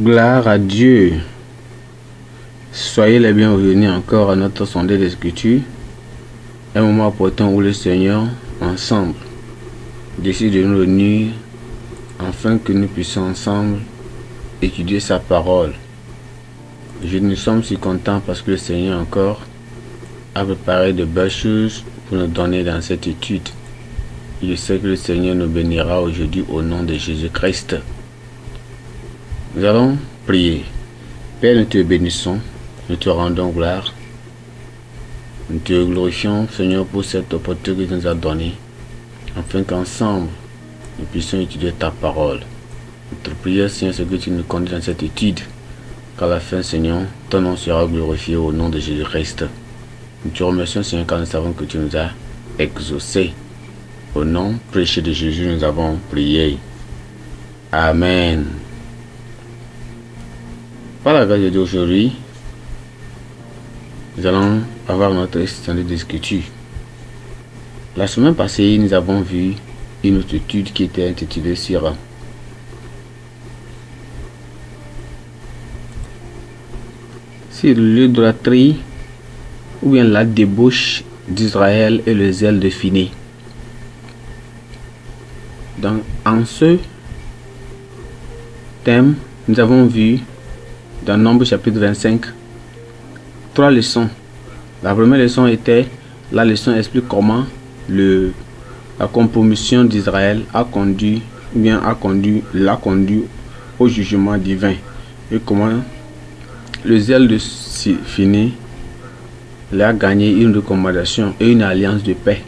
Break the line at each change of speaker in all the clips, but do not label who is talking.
Gloire à Dieu. Soyez les bienvenus encore à notre sondage des un moment important où le Seigneur, ensemble, décide de nous réunir afin que nous puissions ensemble étudier sa parole. Je nous sommes si contents parce que le Seigneur encore a préparé de belles choses pour nous donner dans cette étude. Je sais que le Seigneur nous bénira aujourd'hui au nom de Jésus-Christ. Nous allons prier. Père, nous te bénissons, nous te rendons gloire. Nous te glorifions, Seigneur, pour cette opportunité que tu nous as donnée, afin qu'ensemble, nous puissions étudier ta parole. Notre prière, Seigneur, c'est que tu nous conduis dans cette étude, qu'à la fin, Seigneur, ton nom sera glorifié au nom de Jésus-Christ. Nous te remercions, Seigneur, car nous savons que tu nous as exaucés. Au nom prêché de Jésus, nous avons prié. Amen. Par la grâce d'aujourd'hui, nous allons avoir notre standard de discussion. La semaine passée, nous avons vu une autre étude qui était intitulée sur sur l'idolâtrie ou bien la débauche d'Israël et le zèle de Finé. Donc, en ce thème, nous avons vu dans Nombre chapitre 25, trois leçons. La première leçon était, la leçon explique comment le, la compromission d'Israël a conduit, bien a conduit, l'a conduit au jugement divin et comment le zèle de Fini l'a gagné une recommandation et une alliance de paix.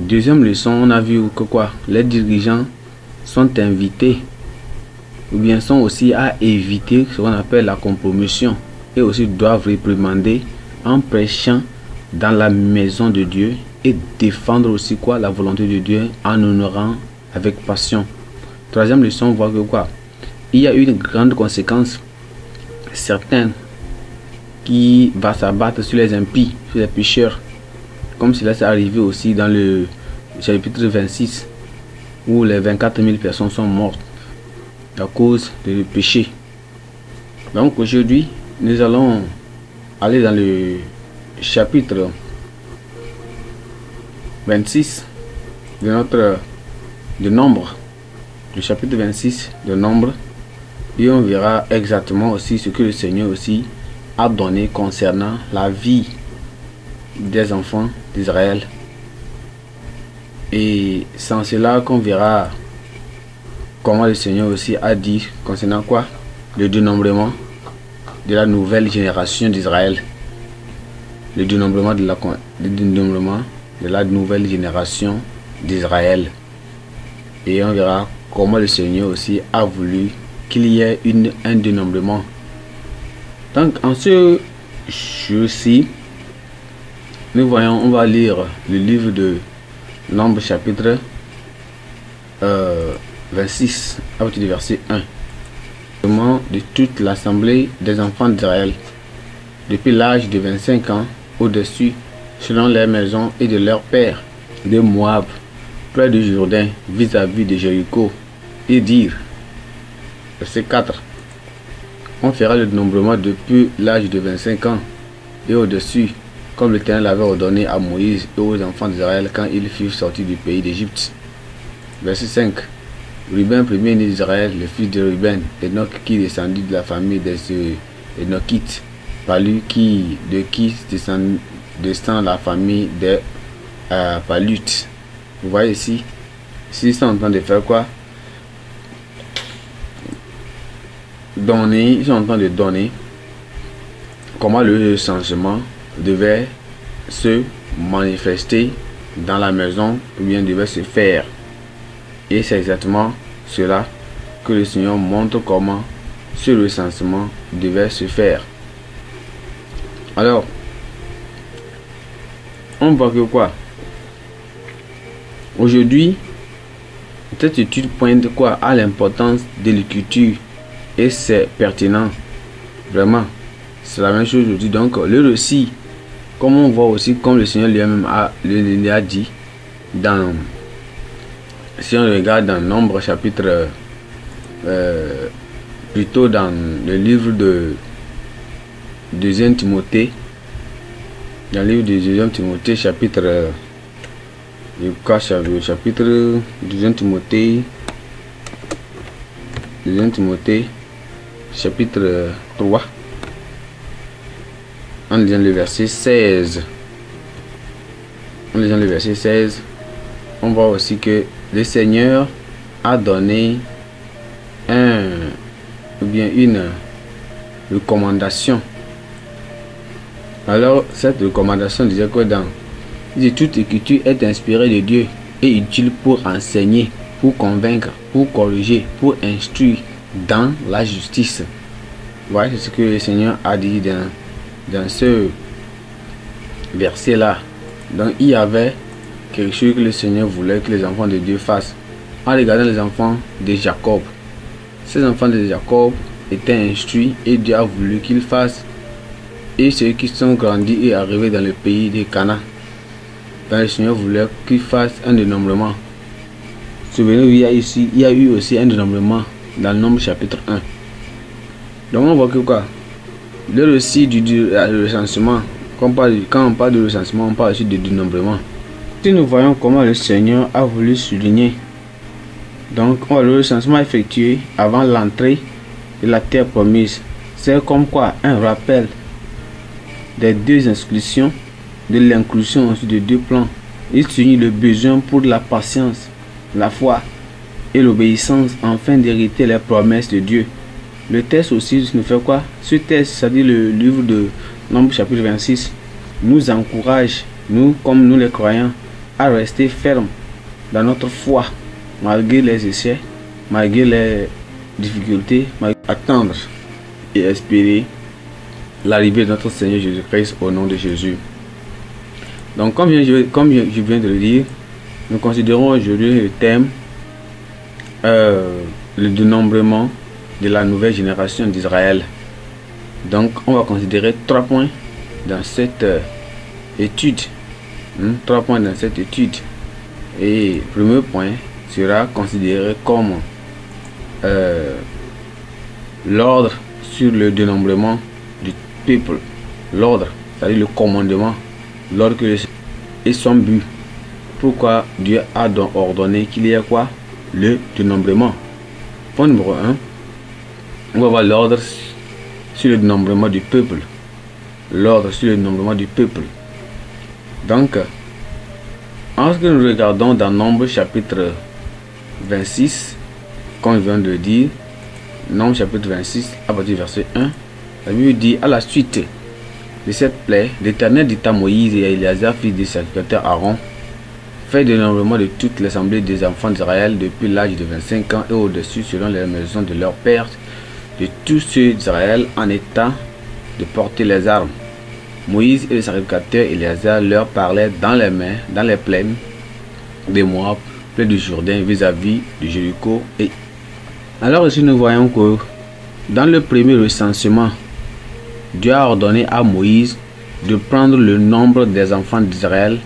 Deuxième leçon, on a vu que quoi Les dirigeants sont invités ou bien sont aussi à éviter ce qu'on appelle la compromission et aussi doivent réprimander en prêchant dans la maison de Dieu et défendre aussi quoi la volonté de Dieu en honorant avec passion. Troisième leçon, on que quoi Il y a une grande conséquence certaine qui va s'abattre sur les impies, sur les pécheurs, comme cela s'est arrivé aussi dans le chapitre 26 où les 24 000 personnes sont mortes cause du péché. Donc aujourd'hui, nous allons aller dans le chapitre 26 de notre de nombre. Le chapitre 26 de nombre. Et on verra exactement aussi ce que le Seigneur aussi a donné concernant la vie des enfants d'Israël. Et sans cela qu'on verra le Seigneur aussi a dit concernant quoi Le dénombrement de la nouvelle génération d'Israël. Le dénombrement de la, le dénombrement de la nouvelle génération d'Israël. Et on verra comment le Seigneur aussi a voulu qu'il y ait une, un dénombrement. Donc en ce jour-ci, nous voyons, on va lire le livre de Nombre chapitre euh, 26 à partir du verset 1. De toute l'assemblée des enfants d'Israël, depuis l'âge de 25 ans au-dessus, selon leurs maisons et de leurs pères, des Moab, près du Jourdain, vis-à-vis de Jéricho, et dire Verset 4 On fera le nombrement depuis l'âge de 25 ans et au-dessus, comme l'Éternel l'avait ordonné à Moïse et aux enfants d'Israël quand ils furent sortis du pays d'Égypte. Verset 5 Ruben, premier d'Israël, le fils de Ruben, Enoch qui descendit de la famille des euh, Enochites, Palu qui, de qui descend, descend la famille des euh, Palutes. Vous voyez ici, s'ils sont en train de faire quoi Donner, ils sont en train de donner comment le changement devait se manifester dans la maison ou bien devait se faire. Et c'est exactement cela que le Seigneur montre comment ce recensement devait se faire. Alors, on voit que quoi Aujourd'hui, cette étude pointe quoi à l'importance de l'écriture et c'est pertinent. Vraiment, c'est la même chose aujourd'hui. Donc, le récit, comme on voit aussi, comme le Seigneur lui-même a, lui a dit dans si on regarde dans Nombre chapitre, euh, plutôt dans le livre de 2 Timothée, dans le livre de 2 Timothée chapitre, euh, euh chapitre 2 Timothée, 2 Timothée chapitre 3, euh, en lisant le verset 16, en lisant le verset 16, on voit aussi que le Seigneur a donné un bien une recommandation. Alors, cette recommandation disait que dans dit, toute écriture est inspirée de Dieu et utile pour enseigner, pour convaincre, pour corriger, pour instruire dans la justice. Voilà ce que le Seigneur a dit dans, dans ce verset-là. Donc, il y avait quelque chose que le Seigneur voulait que les enfants de Dieu fassent. En regardant les enfants de Jacob, ces enfants de Jacob étaient instruits et Dieu a voulu qu'ils fassent. Et ceux qui sont grandis et arrivés dans le pays de Cana, le Seigneur voulait qu'ils fassent un dénombrement. Souvenez-vous, il y a ici, il y a eu aussi un dénombrement dans le nombre chapitre 1. Donc on voit que quoi Le récit du, euh, recensement, quand on, quand on parle de recensement, on parle aussi de dénombrement. Si nous voyons comment le Seigneur a voulu souligner, donc on oh, le recensement effectué avant l'entrée de la terre promise. C'est comme quoi un rappel des deux inscriptions, de l'inclusion de deux plans. Il souligne le besoin pour la patience, la foi et l'obéissance afin d'hériter les promesses de Dieu. Le texte aussi nous fait quoi Ce texte, c'est-à-dire le livre de Nombre chapitre 26, nous encourage, nous comme nous les croyants, rester ferme dans notre foi, malgré les essais, malgré les difficultés, malgré attendre et espérer l'arrivée de notre Seigneur Jésus-Christ au nom de Jésus. Donc, comme je, comme je viens de le dire, nous considérons aujourd'hui le thème euh, le dénombrement de la nouvelle génération d'Israël. Donc, on va considérer trois points dans cette euh, étude Hmm? trois points dans cette étude. Et le premier point sera considéré comme euh, l'ordre sur le dénombrement du peuple. L'ordre, c'est-à-dire le commandement, l'ordre et son but. Pourquoi Dieu a donc ordonné qu'il y ait quoi Le dénombrement. Point numéro 1. On va voir l'ordre sur le dénombrement du peuple. L'ordre sur le dénombrement du peuple. Donc, en ce que nous regardons dans Nombre chapitre 26, comme je viens de dire, Nombre chapitre 26, à partir du verset 1, la Bible dit à la suite de cette plaie, l'Éternel dit à Moïse et à fils du sacrificateur Aaron, Fais de de toute l'assemblée des enfants d'Israël depuis l'âge de 25 ans et au-dessus selon les maisons de leurs pères, de tous ceux d'Israël en état de porter les armes. Moïse et le sacrificateur Eliezer leur parlaient dans les mains, dans les plaines des Moab, près du Jourdain, vis-à-vis du de Jéricho. Et alors ici nous voyons que dans le premier recensement, Dieu a ordonné à Moïse de prendre le nombre des enfants d'Israël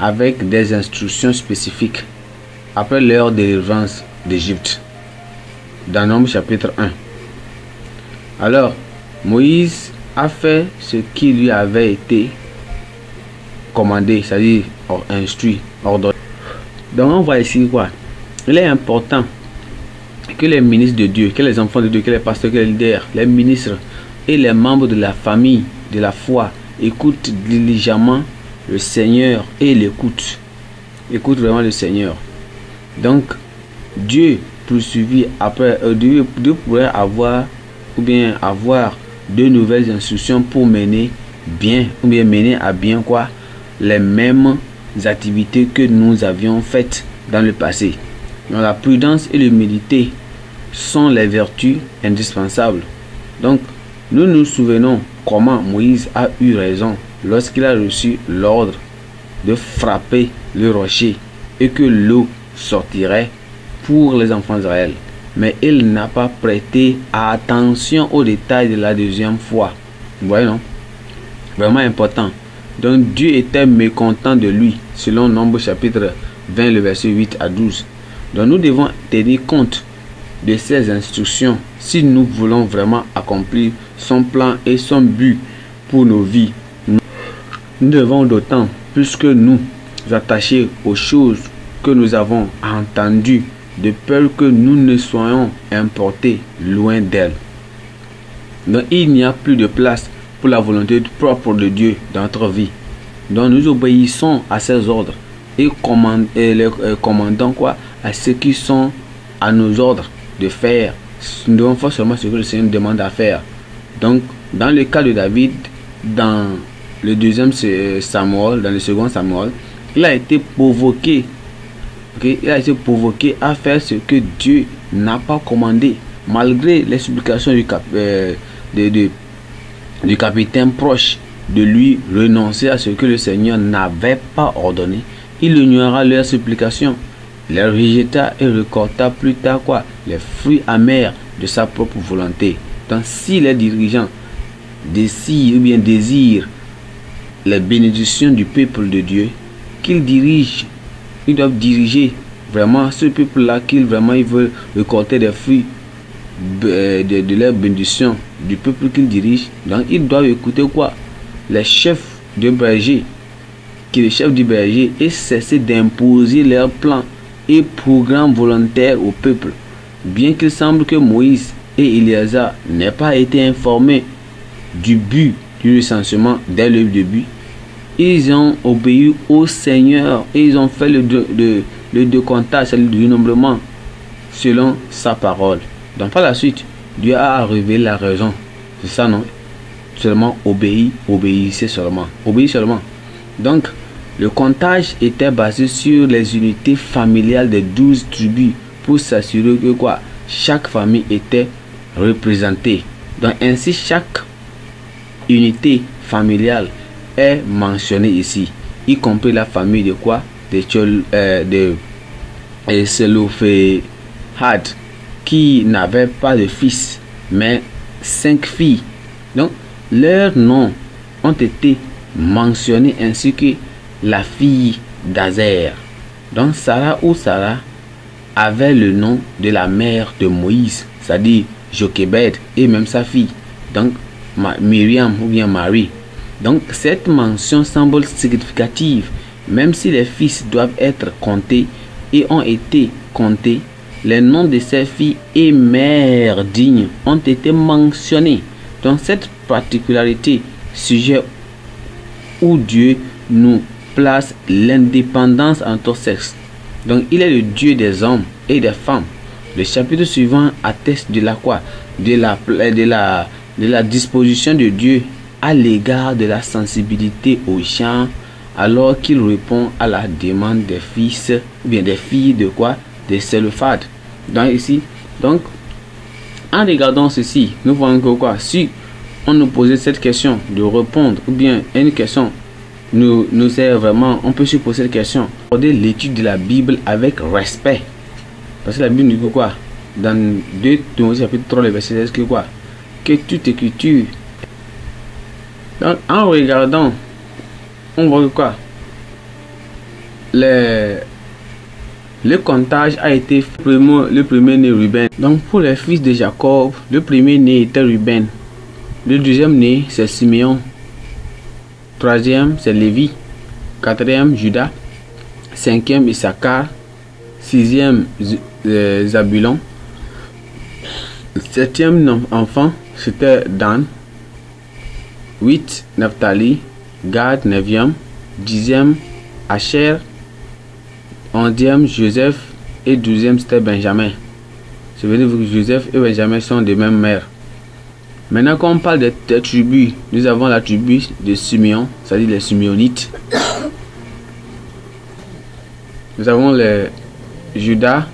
avec des instructions spécifiques après leur délivrance d'Égypte. Dans Nombre chapitre 1. Alors, Moïse a fait ce qui lui avait été commandé, c'est-à-dire instruit, ordonné. Donc on voit ici quoi Il est important que les ministres de Dieu, que les enfants de Dieu, que les pasteurs, que les leaders, les ministres et les membres de la famille, de la foi, écoutent diligemment le Seigneur et l'écoutent. Écoute vraiment le Seigneur. Donc, Dieu poursuivit après, euh, Dieu, Dieu pourrait avoir ou bien avoir de nouvelles instructions pour mener bien ou bien mener à bien quoi les mêmes activités que nous avions faites dans le passé. la prudence et l'humilité sont les vertus indispensables. Donc, nous nous souvenons comment Moïse a eu raison lorsqu'il a reçu l'ordre de frapper le rocher et que l'eau sortirait pour les enfants d'Israël mais il n'a pas prêté attention aux détails de la deuxième fois. Vous voyez, non Vraiment important. Donc Dieu était mécontent de lui, selon Nombre chapitre 20, le verset 8 à 12. Donc nous devons tenir compte de ses instructions si nous voulons vraiment accomplir son plan et son but pour nos vies. Nous devons d'autant plus que nous attacher aux choses que nous avons entendues de peur que nous ne soyons importés loin d'elle. Donc il n'y a plus de place pour la volonté propre de Dieu dans notre vie. Donc nous obéissons à ses ordres et, euh, commandons quoi à ceux qui sont à nos ordres de faire. Nous devons seulement ce que le Seigneur nous demande à faire. Donc dans le cas de David, dans le deuxième euh, Samuel, dans le second Samuel, il a été provoqué il a été provoqué à faire ce que Dieu n'a pas commandé. Malgré les supplications du, cap, euh, du capitaine proche de lui renoncer à ce que le Seigneur n'avait pas ordonné, il ignora leurs supplications, les rejeta et recorta plus tard quoi les fruits amers de sa propre volonté. Donc si les dirigeants décident ou bien désirent les bénédictions du peuple de Dieu, qu'ils dirigent ils doivent diriger vraiment ce peuple-là qu'ils vraiment ils veulent récolter des fruits euh, de, de, leur bénédiction du peuple qu'ils dirigent. Donc ils doivent écouter quoi Les chefs de berger, qui le chef du berger, et cesser d'imposer leurs plans et programmes volontaires au peuple. Bien qu'il semble que Moïse et Eliezer n'aient pas été informés du but du recensement dès le début, ils ont obéi au Seigneur et ils ont fait le, de, de, le du nombrement selon sa parole. Donc par la suite, Dieu a révélé la raison. C'est ça, non Seulement obéir, obéissez seulement. obéissez seulement. Donc, le comptage était basé sur les unités familiales des douze tribus pour s'assurer que quoi Chaque famille était représentée. Donc ainsi, chaque unité familiale est mentionné ici, y compris la famille de quoi De, Chol, euh, de euh, qui n'avait pas de fils, mais cinq filles. Donc, leurs noms ont été mentionnés ainsi que la fille d'Azer. Donc, Sarah ou Sarah avait le nom de la mère de Moïse, c'est-à-dire Jochebed et même sa fille. Donc, Myriam ou bien Marie donc cette mention semble significative, même si les fils doivent être comptés et ont été comptés, les noms de ces filles et mères dignes ont été mentionnés. Donc cette particularité, sujet où Dieu nous place l'indépendance entre sexes. Donc il est le Dieu des hommes et des femmes. Le chapitre suivant atteste de la quoi de la, de la, de la disposition de Dieu à l'égard de la sensibilité aux gens alors qu'il répond à la demande des fils ou bien des filles de quoi Des cellophates. Donc ici, donc en regardant ceci, nous voyons que quoi Si on nous posait cette question de répondre ou bien une question nous, nous sert vraiment, on peut se poser cette question. de l'étude de la Bible avec respect. Parce que la Bible nous dit quoi Dans 2 Timothée chapitre 3, le verset 16, que quoi Que toute écriture donc, en regardant, on voit quoi les, Le comptage a été fait. le premier né Ruben. Donc, pour les fils de Jacob, le premier né était Ruben. Le deuxième né, c'est Simeon. Troisième, c'est Lévi. Quatrième, Judas. Cinquième, Issachar. Sixième, euh, Zabulon. Septième enfant, c'était Dan. 8. Naphtali, Gad 9e, 10e, Asher, 11e, Joseph et 12e, c'était Benjamin. Souvenez-vous que Joseph et Benjamin sont des mêmes mères. Maintenant, quand on parle des, tribus, nous avons la tribu de Simeon, c'est-à-dire les Simeonites. Nous avons les Judas,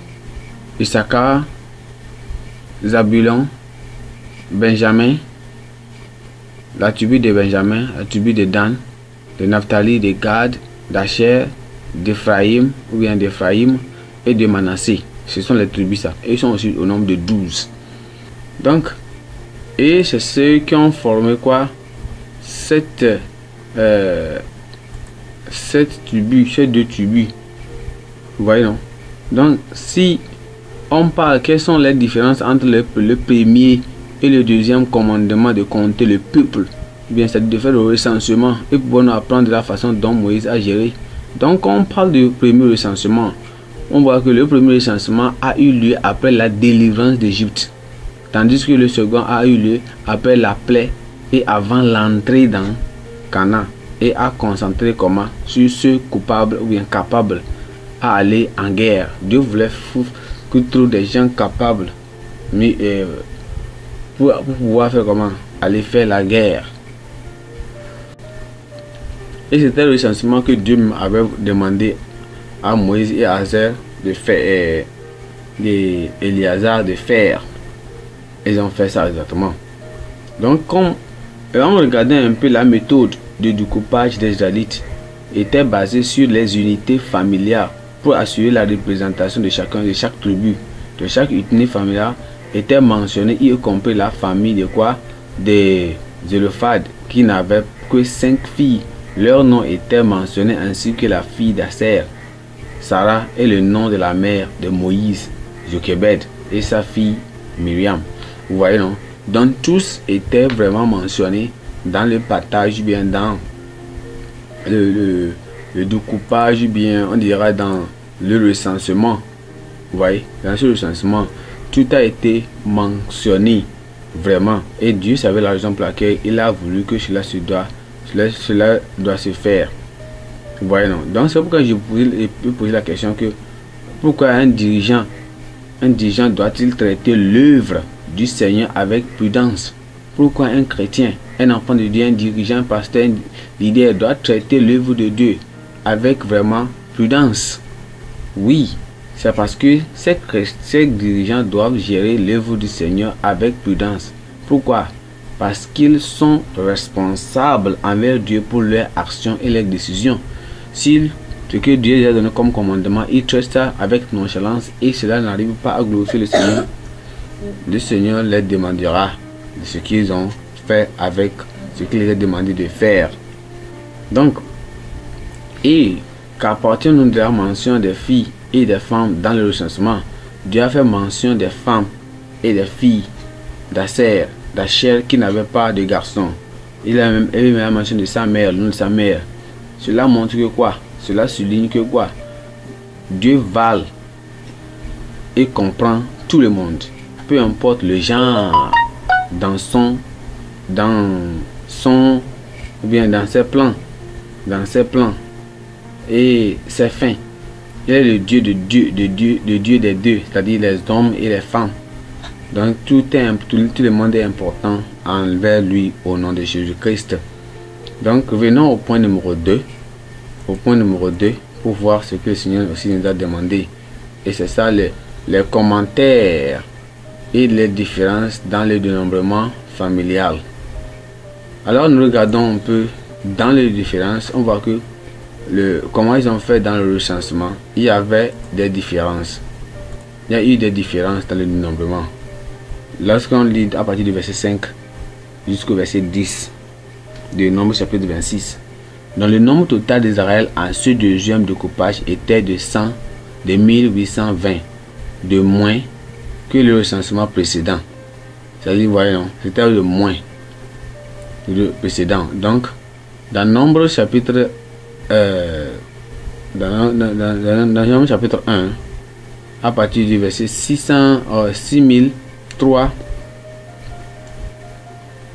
Issachar, Zabulon, Benjamin, la tribu de Benjamin, la tribu de Dan, de Naphtali, de Gad, d'Acher, d'Ephraïm, ou bien d'Ephraïm, et de Manassé. Ce sont les tribus, ça. Et ils sont aussi au nombre de 12. Donc, et c'est ceux qui ont formé quoi Cette, euh, cette tribu, ces deux tribus. Vous voyez, non Donc, si on parle, quelles sont les différences entre le premier et le deuxième commandement de compter le peuple, eh bien c'est de faire le recensement et pour nous apprendre la façon dont Moïse a géré. Donc on parle du premier recensement, on voit que le premier recensement a eu lieu après la délivrance d'Égypte, tandis que le second a eu lieu après la plaie et avant l'entrée dans Cana et a concentré comment sur ceux coupables ou incapables à aller en guerre. Dieu voulait que trop des gens capables, mais euh, pour, pouvoir faire comment Aller faire la guerre. Et c'était le sentiment que Dieu avait demandé à Moïse et à Azer euh, de faire, et Eliazar de faire. Ils ont fait ça exactement. Donc, quand on regardait un peu la méthode de découpage des Israélites, était basée sur les unités familiales pour assurer la représentation de chacun, de chaque tribu, de chaque unité familiale était mentionné, y compris la famille de quoi Des Zélophades, qui n'avaient que cinq filles. Leur nom était mentionné ainsi que la fille d'Asser, Sarah et le nom de la mère de Moïse, Jochebed, et sa fille Myriam. Vous voyez, non Donc tous étaient vraiment mentionnés dans le partage, bien dans le, le, découpage, bien on dira dans le recensement. Vous voyez, dans ce recensement, tout a été mentionné vraiment. Et Dieu savait la raison pour il a voulu que cela se doit, cela, doit se faire. Voilà, Donc c'est pourquoi je peux poser la question que pourquoi un dirigeant, un dirigeant doit-il traiter l'œuvre du Seigneur avec prudence Pourquoi un chrétien, un enfant de Dieu, un dirigeant, un pasteur, un leader doit traiter l'œuvre de Dieu avec vraiment prudence Oui, c'est parce que ces, dirigeants doivent gérer l'œuvre du Seigneur avec prudence. Pourquoi Parce qu'ils sont responsables envers Dieu pour leurs actions et leurs décisions. S'ils ce que Dieu leur a donné comme commandement, ils traitent avec nonchalance et cela n'arrive pas à glorifier le Seigneur. Le Seigneur les demandera de ce qu'ils ont fait avec ce qu'ils les a demandé de faire. Donc, et qu'appartient nous de la mention des filles et des femmes dans le recensement, Dieu a fait mention des femmes et des filles d'Asser, d'Acher qui n'avaient pas de garçons. Il a même, il mention de sa mère, le de sa mère. Cela montre que quoi Cela souligne que quoi Dieu vale et comprend tout le monde, peu importe le genre, dans son, dans son, ou bien dans ses plans, dans ses plans et ses fins. Il est le Dieu de Dieu, de Dieu, de Dieu des deux, c'est-à-dire les hommes et les femmes. Donc tout, est, tout, le monde est important envers lui au nom de Jésus-Christ. Donc venons au point numéro 2. Au point numéro 2, pour voir ce que le Seigneur aussi nous a demandé. Et c'est ça les, les commentaires et les différences dans le dénombrement familial. Alors nous regardons un peu dans les différences, on voit que comment ils ont fait dans le recensement, il y avait des différences. Il y a eu des différences dans le nombrement Lorsqu'on lit à partir du verset 5 jusqu'au verset 10 du nombre chapitre 26, dans le nombre total d'Israël en ce deuxième découpage était de 100, de 1820, de moins que le recensement précédent. C'est-à-dire, voyons, c'était le moins que le précédent. Donc, dans Nombre chapitre euh, dans, dans, chapitre 1, à partir du verset 600, oh, 6003,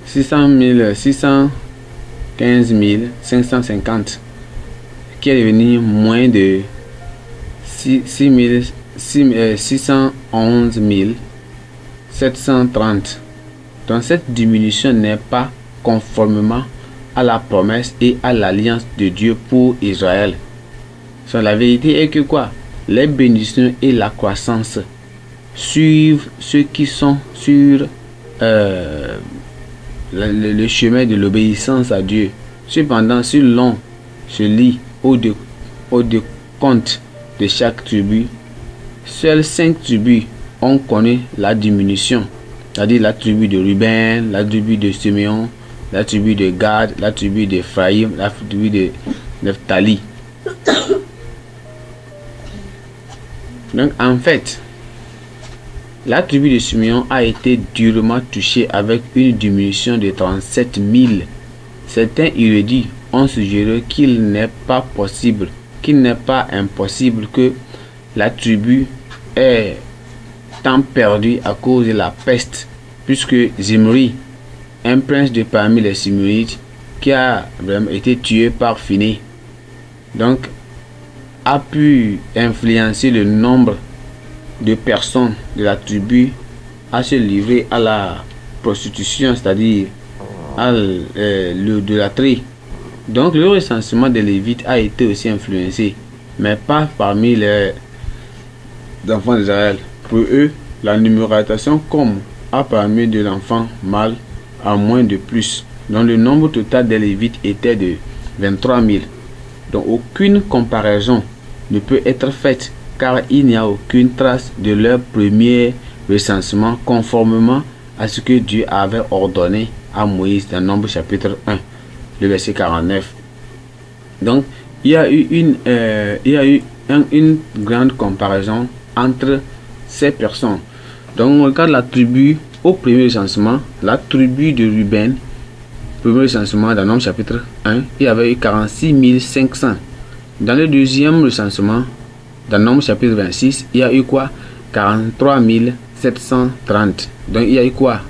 600 615 550, qui est devenu moins de 6, 611 730. dans cette diminution n'est pas conformément à la promesse et à l'alliance de Dieu pour Israël. la vérité est que quoi Les bénédictions et la croissance suivent ceux qui sont sur euh, le, chemin de l'obéissance à Dieu. Cependant, si l'on se lit au de, au de compte de chaque tribu, seules cinq tribus ont connu la diminution, c'est-à-dire la tribu de Ruben, la tribu de Simeon, la tribu de Gad, la l'attribut la tribu de Neftali. Donc en fait, la tribu de Simeon a été durement touchée avec une diminution de 37 000. Certains dit, ont suggéré qu'il n'est pas possible, qu'il n'est pas impossible que la tribu ait tant perdu à cause de la peste, puisque Zimri un prince de parmi les Simeonites qui a été tué par Finé, Donc, a pu influencer le nombre de personnes de la tribu à se livrer à la prostitution, c'est-à-dire à, la euh, l'idolâtrie. Donc le recensement des Lévites a été aussi influencé, mais pas parmi les enfants d'Israël. Pour eux, la numérotation comme a parmi de l'enfant mâle à moins de plus, dont le nombre total des Lévites était de 23 000, dont aucune comparaison ne peut être faite car il n'y a aucune trace de leur premier recensement conformément à ce que Dieu avait ordonné à Moïse dans Nombre chapitre 1, le verset 49. Donc, il y a eu une, euh, il y a eu une grande comparaison entre ces personnes. Donc, on regarde la tribu au premier recensement, la tribu de Ruben, premier recensement, dans chapitre 1, il y avait eu 46 500. Dans le deuxième recensement, dans chapitre 26, il y a eu quoi 43 730. Donc il y a eu quoi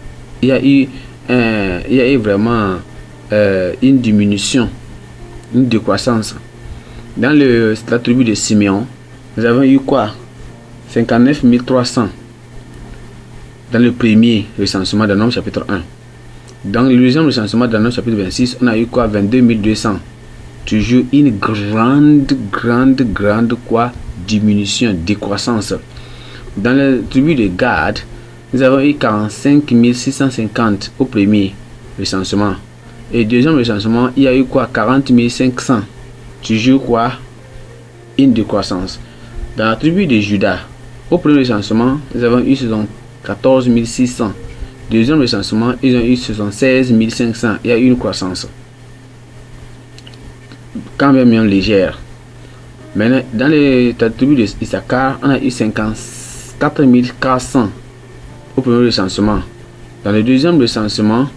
Il y a eu, vraiment euh, une diminution, une décroissance. Dans le, la tribu de Simeon, nous avons eu quoi 59 300 dans le premier recensement d'un homme chapitre 1. Dans le deuxième recensement d'un homme chapitre 26, on a eu quoi 22 200. Toujours une grande, grande, grande quoi diminution, décroissance. Dans la tribu de Gad, nous avons eu 45 650 au premier recensement. Et deuxième recensement, il y a eu quoi 40 500. Toujours quoi Une décroissance. Dans la tribu de Judas, au premier recensement, nous avons eu selon 14 600. Deuxième recensement, ils ont eu 76 500. Il y a eu une croissance. Quand même légère. Maintenant, dans les tribus Issachar on a eu 54 400 au premier recensement. Dans le deuxième recensement,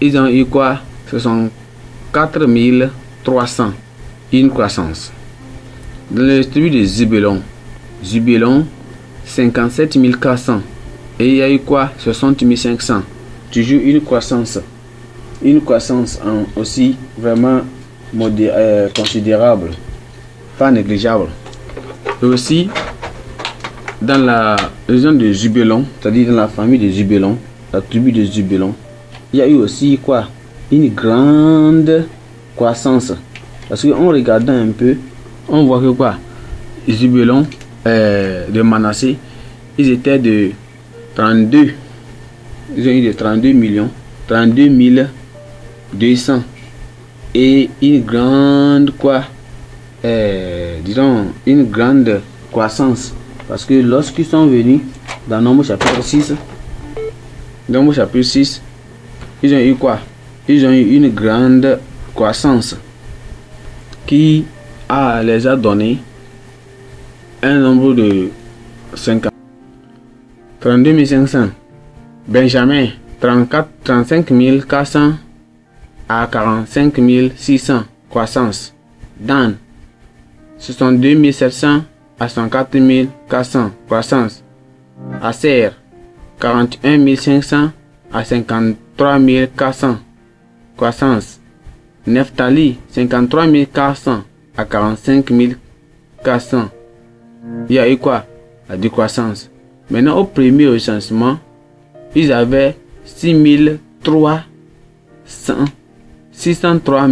ils ont eu quoi Ce sont 4 300. Une croissance. Dans les tribus de Zubelon, Zubelon, 57 400. Et il y a eu quoi 60 500. Toujours une croissance. Une croissance aussi vraiment euh, considérable. Pas négligeable. Et aussi, dans la région de Jubelon, c'est-à-dire dans la famille de Jubelon la tribu de Jubelon il y a eu aussi quoi Une grande croissance. Parce qu'en regardant un peu, on voit que quoi Jubelon euh, de Manassé, ils étaient de 32, ils ont eu de 32 millions, 32 200 et une grande quoi, euh, disons une grande croissance parce que lorsqu'ils sont venus dans Nombre chapitre 6, Nombre chapitre 6, ils ont eu quoi Ils ont eu une grande croissance qui a, les a donné un nombre de 50. 32 500. Benjamin, 34, 35 400 à 45 600. Croissance. Dan, 62 700 à 104 400. Croissance. Acer, 41 500 à 53 400. Croissance. Neftali, 53 400 à 45 400 il y a eu quoi La décroissance. Maintenant, au premier recensement, ils avaient 6300, 603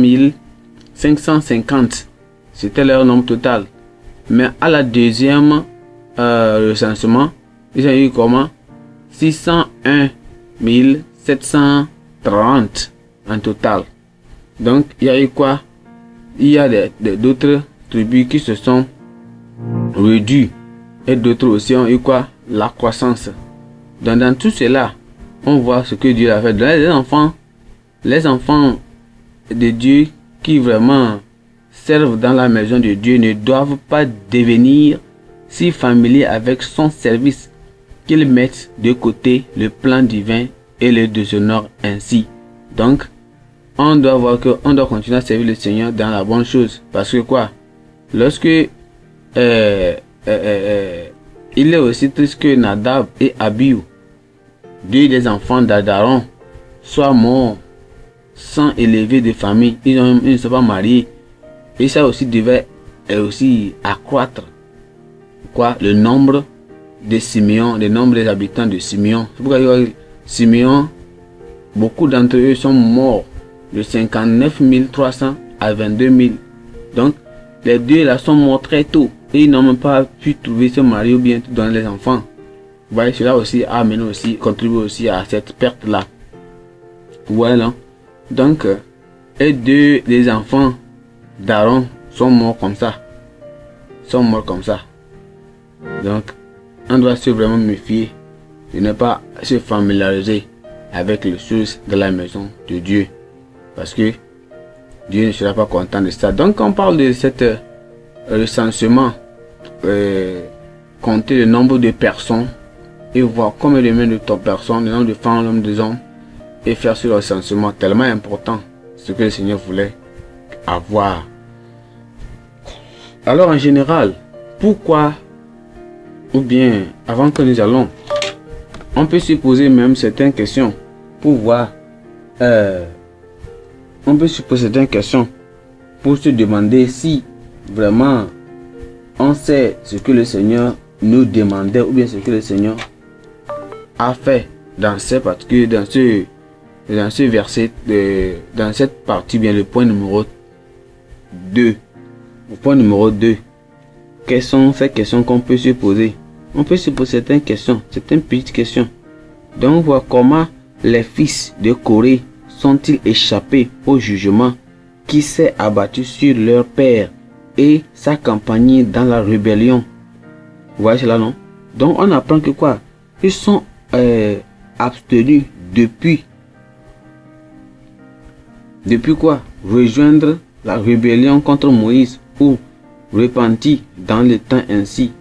550. C'était leur nombre total. Mais à la deuxième euh, recensement, ils ont eu comment 601 730 en total. Donc, il y a eu quoi Il y a d'autres tribus qui se sont réduit et d'autres aussi ont eu quoi La croissance. dans tout cela, on voit ce que Dieu a fait. les enfants, les enfants de Dieu qui vraiment servent dans la maison de Dieu ne doivent pas devenir si familiers avec son service qu'ils mettent de côté le plan divin et le déshonorent ainsi. Donc, on doit voir que on doit continuer à servir le Seigneur dans la bonne chose. Parce que quoi Lorsque euh, euh, euh, il est aussi triste que Nadab et Abihu, deux des enfants d'Adaron, soient morts sans élever de famille. Ils, ils ne sont pas mariés. Et ça aussi devait aussi accroître quoi, le nombre de Simeon, le nombre des habitants de Simeon. pourquoi Simeon, beaucoup d'entre eux sont morts de 59 300 à 22 000. Donc, les deux là sont morts très tôt ils n'ont pas pu trouver ce mari ou bien dans les enfants. Vous cela aussi amène aussi, contribue aussi à cette perte-là. Voilà. Donc, euh, et deux des enfants d'Aaron sont morts comme ça. Sont morts comme ça. Donc, on doit se vraiment méfier de ne pas se familiariser avec les choses de la maison de Dieu. Parce que Dieu ne sera pas content de ça. Donc, on parle de cette euh, recensement euh, compter le nombre de personnes et voir combien de mains de ton personne, le nombre de femmes, l'homme des hommes, et faire ce recensement tellement important, ce que le Seigneur voulait avoir. Alors en général, pourquoi, ou bien avant que nous allons, on peut se poser même certaines questions pour voir, euh, on peut se poser certaines questions pour se demander si vraiment on sait ce que le Seigneur nous demandait ou bien ce que le Seigneur a fait dans cette partie dans ce, dans ce verset, dans cette partie, bien le point numéro 2. Le point numéro 2. Quelles sont ces questions qu'on peut se poser On peut se poser certaines questions, certaines petites questions. Donc, on voit comment les fils de Corée sont-ils échappés au jugement qui s'est abattu sur leur père et s'accompagner dans la rébellion. Vous voyez cela, non Donc on apprend que quoi Ils sont euh, abstenus depuis. Depuis quoi Rejoindre la rébellion contre Moïse ou repentir dans le temps ainsi.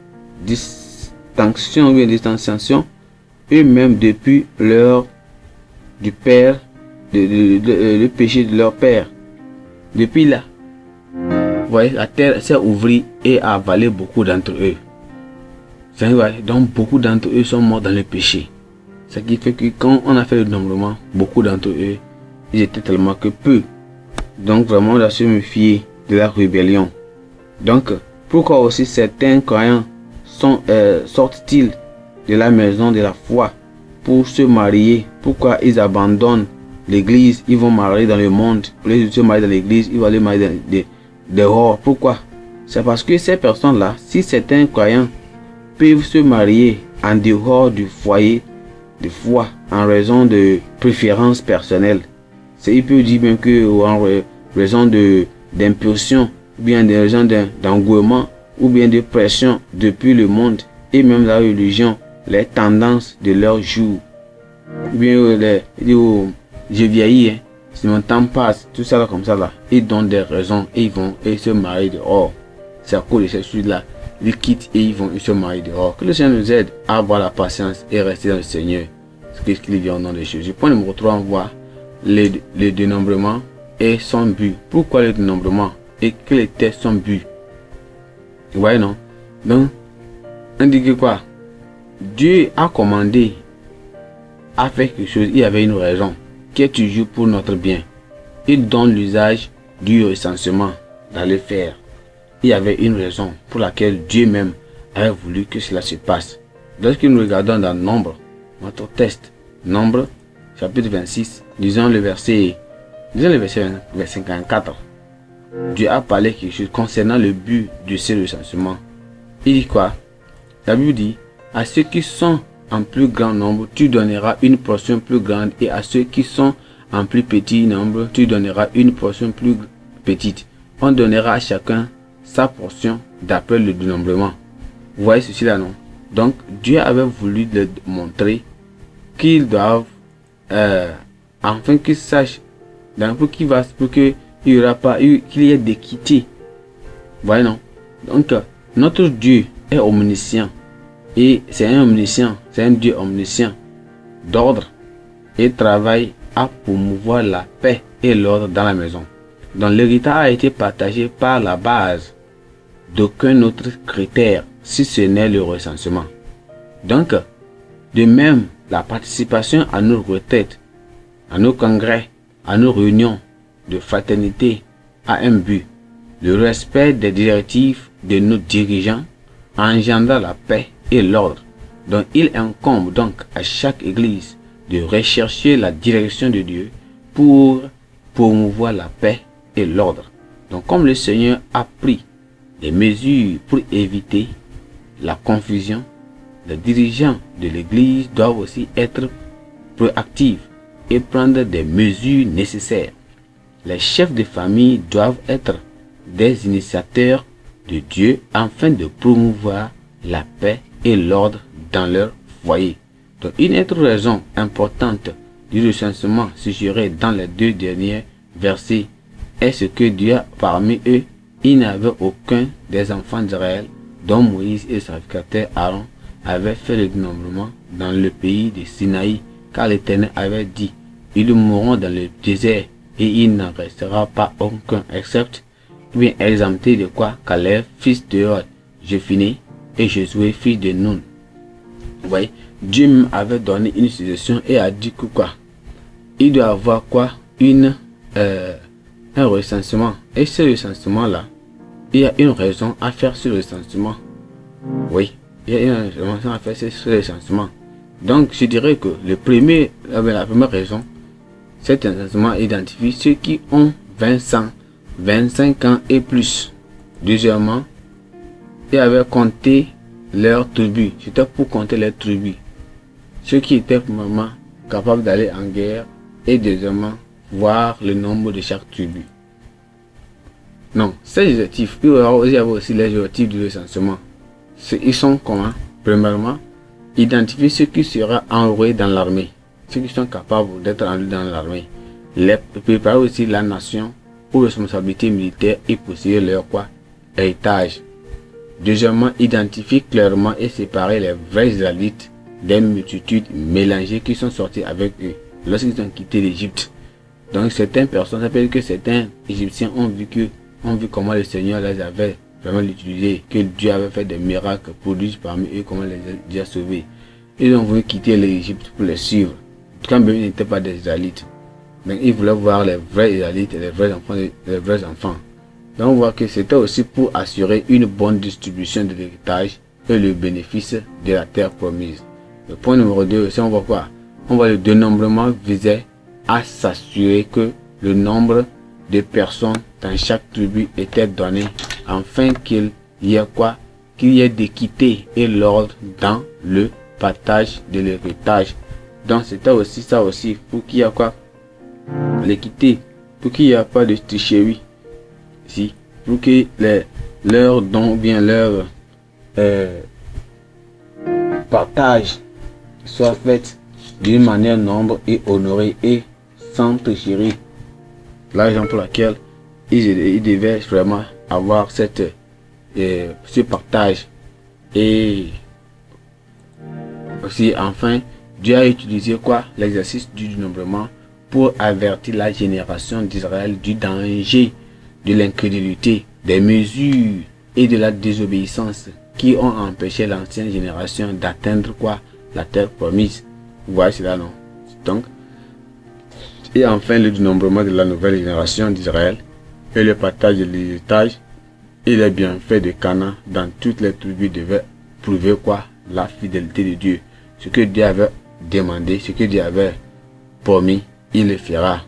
Distinction ou distanciation eux-mêmes depuis leur du père, le péché de leur père. Depuis là, la terre s'est ouvrie et a avalé beaucoup d'entre eux. donc beaucoup d'entre eux sont morts dans le péché. Ce qui fait que quand on a fait le nombrement, beaucoup d'entre eux, ils étaient tellement que peu. Donc vraiment, on a se méfier de la rébellion. Donc, pourquoi aussi certains croyants sont, euh, sortent-ils de la maison de la foi pour se marier Pourquoi ils abandonnent l'église Ils vont marier dans le monde. les lieu de se marier dans l'église, ils vont aller marier dans, dehors. Pourquoi C'est parce que ces personnes-là, si c'est un croyant, peuvent se marier en dehors du foyer de foi en raison de préférences personnelles, c'est il peut dire bien que en raison de d'impulsion, ou bien des raisons d'engouement, ou bien de pression depuis le monde et même la religion, les tendances de leur jour. bien, euh, les, oh, je vieillis, hein. Si mon temps passe, tout ça là comme ça là, ils donnent des raisons et ils vont et se marient dehors. C'est à cause de ces choses-là. Ils quittent et ils vont et se marient dehors. Que le Seigneur nous aide à avoir la patience et rester dans le Seigneur. C'est ce qu'il vient dans nom de Jésus. Point numéro 3, on voit le, le dénombrement et son but. Pourquoi le dénombrement et que les tests sont buts? Vous voyez non Donc, indiquez quoi Dieu a commandé à faire quelque chose, il y avait une raison qui est toujours pour notre bien. Il donne l'usage du recensement le faire. Il y avait une raison pour laquelle Dieu même avait voulu que cela se passe. Lorsque nous regardons dans Nombre, notre test, Nombre, chapitre 26, disons le verset, le verset 54. Dieu a parlé quelque chose concernant le but de ce recensement. Il dit quoi La Bible dit à ceux qui sont en plus grand nombre, tu donneras une portion plus grande, et à ceux qui sont en plus petit nombre, tu donneras une portion plus petite. On donnera à chacun sa portion d'après le dénombrement. Vous voyez ceci là, non Donc, Dieu avait voulu leur montrer qu'ils doivent, euh, enfin qu'ils sachent, d'un pour qui va, pour qu'il n'y aura pas, eu qu'il y ait d'équité. Vous voyez, non Donc, notre Dieu est omniscient. Et c'est un omniscient, c'est un Dieu omniscient d'ordre et travaille à promouvoir la paix et l'ordre dans la maison. Donc l'héritage a été partagé par la base d'aucun autre critère si ce n'est le recensement. Donc, de même, la participation à nos retraites, à nos congrès, à nos réunions de fraternité a un but, le respect des directives de nos dirigeants engendre la paix l'ordre. dont il incombe donc à chaque Église de rechercher la direction de Dieu pour promouvoir la paix et l'ordre. Donc comme le Seigneur a pris des mesures pour éviter la confusion, les dirigeants de l'Église doivent aussi être proactifs et prendre des mesures nécessaires. Les chefs de famille doivent être des initiateurs de Dieu afin de promouvoir la paix et l'ordre dans leur foyer. Donc, une autre raison importante du recensement suggéré dans les deux derniers versets est ce que Dieu parmi eux, il n'avait aucun des enfants d'Israël dont Moïse et sacrificateur Aaron avaient fait le dénombrement dans le pays de Sinaï, car l'Éternel avait dit, ils mourront dans le désert et il n'en restera pas aucun excepte, bien exempté de quoi Caleb, fils de Hod. Je finis et Jésus est fils de Nun. Oui, Jim Dieu avait donné une suggestion et a dit que quoi Il doit avoir quoi Une, euh, Un recensement. Et ce recensement-là, il y a une raison à faire ce recensement. Oui, il y a une raison à faire ce recensement. Donc, je dirais que le premier, euh, la première raison, c'est un recensement identifie ceux qui ont 20 25 ans et plus. Deuxièmement, et avaient compté leurs tribus. C'était pour compter les tribus. Ceux qui étaient premièrement capables d'aller en guerre et deuxièmement voir le nombre de chaque tribu. Non, ces objectifs, il y avait aussi les objectifs du recensement. Ils sont comment Premièrement, identifier ceux qui seront envoyés dans l'armée, ceux qui sont capables d'être envoyés dans l'armée. Les préparer aussi la nation aux responsabilités militaires et posséder leur quoi, héritage. Deuxièmement, identifier clairement et séparer les vrais Israélites des multitudes mélangées qui sont sorties avec eux lorsqu'ils ont quitté l'Égypte. Donc certaines personnes, ça que certains Égyptiens ont vu que, ont vu comment le Seigneur les avait vraiment utilisés, que Dieu avait fait des miracles produits parmi eux, comment les Dieu a sauvés. Ils ont voulu quitter l'Égypte pour les suivre, quand même ils n'étaient pas des Israélites. Donc ils voulaient voir les vrais Israélites, les vrais enfants, les vrais enfants. Donc on voit que c'était aussi pour assurer une bonne distribution de l'héritage et le bénéfice de la terre promise. Le point numéro 2 aussi, on voit quoi On voit le dénombrement visait à s'assurer que le nombre de personnes dans chaque tribu était donné afin qu'il y ait quoi Qu'il y ait d'équité et l'ordre dans le partage de l'héritage. Donc c'était aussi ça aussi pour qu'il y ait quoi L'équité, pour qu'il n'y ait pas de tricherie pour que les, leurs dons, bien leur euh, partage soit fait d'une manière nombre et honorée et sans la raison pour laquelle ils, devaient vraiment avoir cette, euh, ce partage. Et aussi, enfin, Dieu a utilisé quoi L'exercice du dénombrement pour avertir la génération d'Israël du danger de l'incrédulité, des mesures et de la désobéissance qui ont empêché l'ancienne génération d'atteindre quoi La terre promise. Vous voyez cela, non Donc, et enfin le dénombrement de la nouvelle génération d'Israël et le partage de l'héritage et les bienfaits de Cana dans toutes les tribus devaient prouver quoi La fidélité de Dieu. Ce que Dieu avait demandé, ce que Dieu avait promis, il le fera.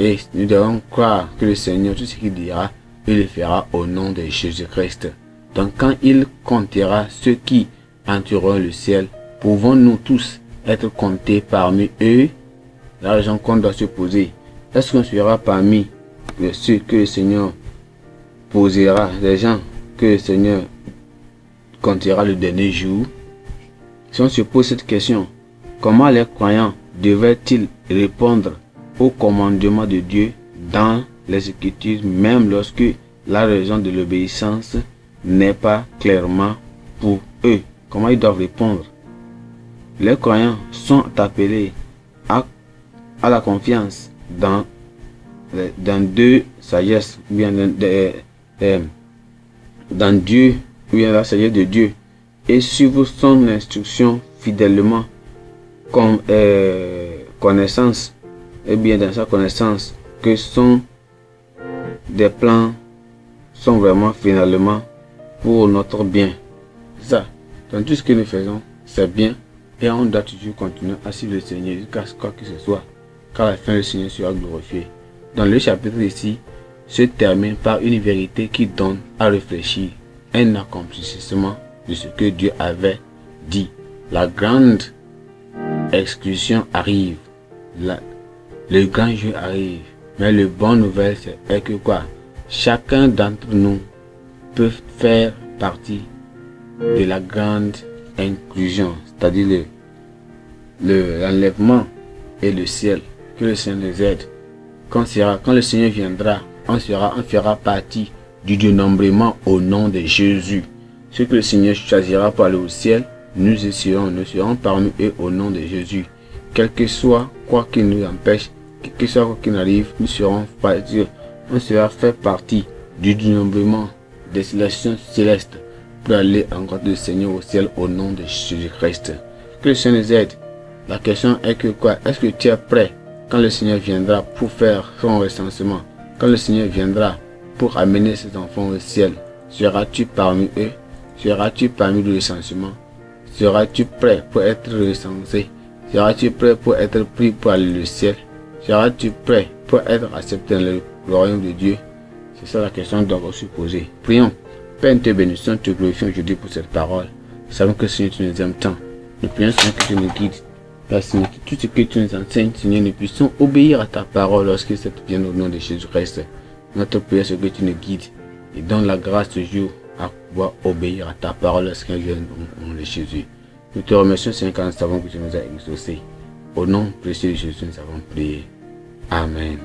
Et nous devons croire que le Seigneur, tout ce qu'il dira, il le fera au nom de Jésus-Christ. Donc quand il comptera ceux qui entreront le ciel, pouvons-nous tous être comptés parmi eux La raison qu'on doit se poser, est-ce qu'on sera parmi ceux que le Seigneur posera, les gens que le Seigneur comptera le dernier jour Si on se pose cette question, comment les croyants devaient-ils répondre commandement de Dieu dans les Écritures, même lorsque la raison de l'obéissance n'est pas clairement pour eux. Comment ils doivent répondre Les croyants sont appelés à, à la confiance dans, dans Dieu, sagesse, bien dans, dans Dieu, bien la sagesse de Dieu, et suivre son instruction fidèlement comme euh, connaissance et bien dans sa connaissance que sont des plans sont vraiment finalement pour notre bien. Ça, dans tout ce que nous faisons, c'est bien. Et on doit toujours continuer à suivre le Seigneur jusqu'à quoi que ce soit, car à la fin le Seigneur sera glorifié. Dans le chapitre ici, se termine par une vérité qui donne à réfléchir un accomplissement de ce que Dieu avait dit. La grande exclusion arrive. La le grand jour arrive. Mais la bonne nouvelle, c'est que quoi Chacun d'entre nous peut faire partie de la grande inclusion, c'est-à-dire l'enlèvement le, l'enlèvement et le ciel. Que le Seigneur nous aide. Quand, sera, quand le Seigneur viendra, on, sera, on fera partie du dénombrement au nom de Jésus. Ce que le Seigneur choisira pour aller au ciel, nous y serons, nous serons parmi eux au nom de Jésus. Quel que soit quoi qu'il nous empêche que ce soit qu'il arrive, nous serons partir, on sera fait partie du dénombrement des nations célestes pour aller en grâce du Seigneur au ciel au nom de Jésus-Christ. Que le Seigneur aide. La question est que quoi Est-ce que tu es prêt quand le Seigneur viendra pour faire son recensement Quand le Seigneur viendra pour amener ses enfants au ciel, seras-tu parmi eux Seras-tu parmi le recensement Seras-tu prêt pour être recensé Seras-tu prêt pour être pris pour aller au ciel Seras-tu prêt pour être accepté dans le royaume de Dieu C'est ça la question que doit se poser. Prions. Père, te bénissons, te glorifions aujourd'hui pour cette parole. Nous savons que Seigneur, tu nous aimes tant. Nous prions Seigneur que tu nous guides. Parce que tout ce que tu nous enseignes, Seigneur, nous puissions obéir à ta parole lorsque cette vient au nom de Jésus-Christ. Notre prière, c'est que tu nous guides et donne la grâce toujours à pouvoir obéir à ta parole lorsqu'elle vient au nom de Jésus. Nous te remercions, Seigneur, car nous savons que tu nous as exaucés. Au nom précieux de Jésus, nous avons prié. Amen.